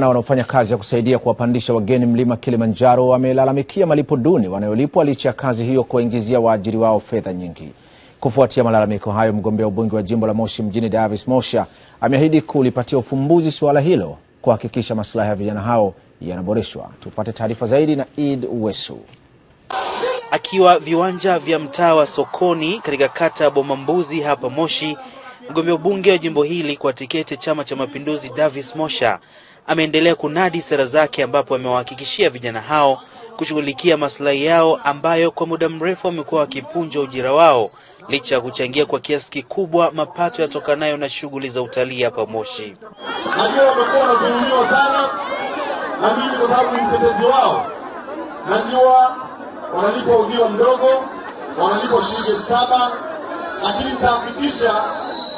Na wanaofanya kazi ya kusaidia kuwapandisha wageni mlima Kilimanjaro wamelalamikia malipo duni wanayolipwa licha ya kazi hiyo kuwaingizia waajiri wao fedha nyingi. Kufuatia malalamiko hayo, mgombea ubunge wa jimbo la Moshi mjini Davis Mosha ameahidi kulipatia ufumbuzi suala hilo kuhakikisha maslahi ya vijana hao yanaboreshwa. Tupate taarifa zaidi na Eid Wesu. Akiwa viwanja vya mtaa wa Sokoni katika kata ya mbuzi hapa Moshi, mgombea ubunge wa jimbo hili kwa tiketi Chama cha Mapinduzi Davis Mosha ameendelea kunadi sera zake, ambapo amewahakikishia vijana hao kushughulikia maslahi yao ambayo kwa muda mrefu wamekuwa wakipunja ujira wao licha ya kuchangia kwa kiasi kikubwa mapato yatokanayo na shughuli za utalii hapa Moshi. Najua wamekuwa wanazulumiwa sana na mimi kwa sababu ni mtetezi wao. Najua wanalipwa ujira mdogo, wanalipwa shilingi elfu saba lakini nitahakikisha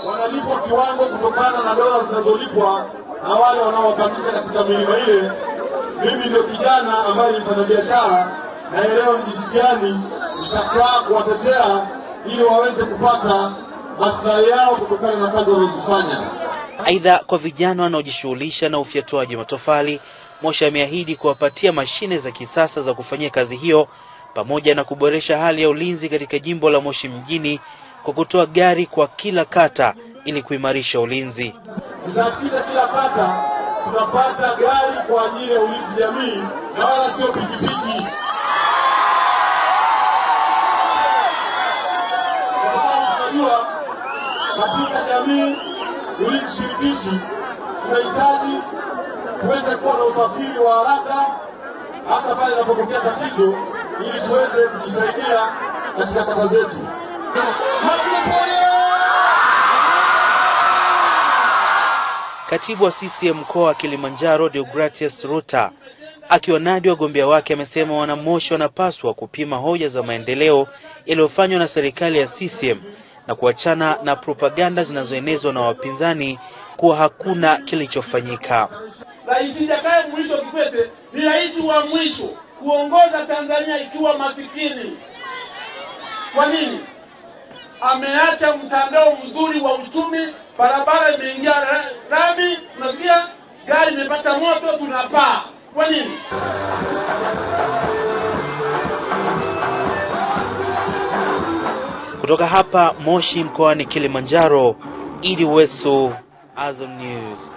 wanalipwa kiwango kutokana na dola zinazolipwa na wale wanaopandisha katika milima ile. Mimi ndio kijana ambaye nilifanya biashara, naelewa jinsi gani nitakaa kuwatetea ili waweze kupata maslahi yao kutokana na kazi wanazofanya. Aidha, kwa vijana wanaojishughulisha na ufyatuaji wa matofali, Moshi ameahidi kuwapatia mashine za kisasa za kufanyia kazi hiyo pamoja na kuboresha hali ya ulinzi katika jimbo la Moshi mjini kwa kutoa gari kwa kila kata ili kuimarisha ulinzi kuhakikisha kila kata tunapata gari kwa ajili ya ulinzi jamii na wala sio pikipiki. tunajua katika jamii ulinzi shirikishi tunahitaji tuweze kuwa na usafiri wa haraka hata pale inapotokea tatizo, ili tuweze kujisaidia katika kata zetu. Katibu wa CCM mkoa wa Kilimanjaro Deogratius Ruta akiwanadi wagombea wake amesema wanamoshi wanapaswa kupima hoja za maendeleo yaliyofanywa na serikali ya CCM na kuachana na propaganda zinazoenezwa na wapinzani kuwa hakuna kilichofanyika. Rais Jakaya Mrisho Kikwete ni rais wa mwisho kuongoza Tanzania ikiwa masikini. Kwa nini? Ameacha mtandao mzuri wa uchumi, barabara imeingia lami, unasikia gari imepata moto, tunapaa. Kwa nini? Kutoka hapa Moshi mkoani Kilimanjaro, Idi Wesu, Azam News.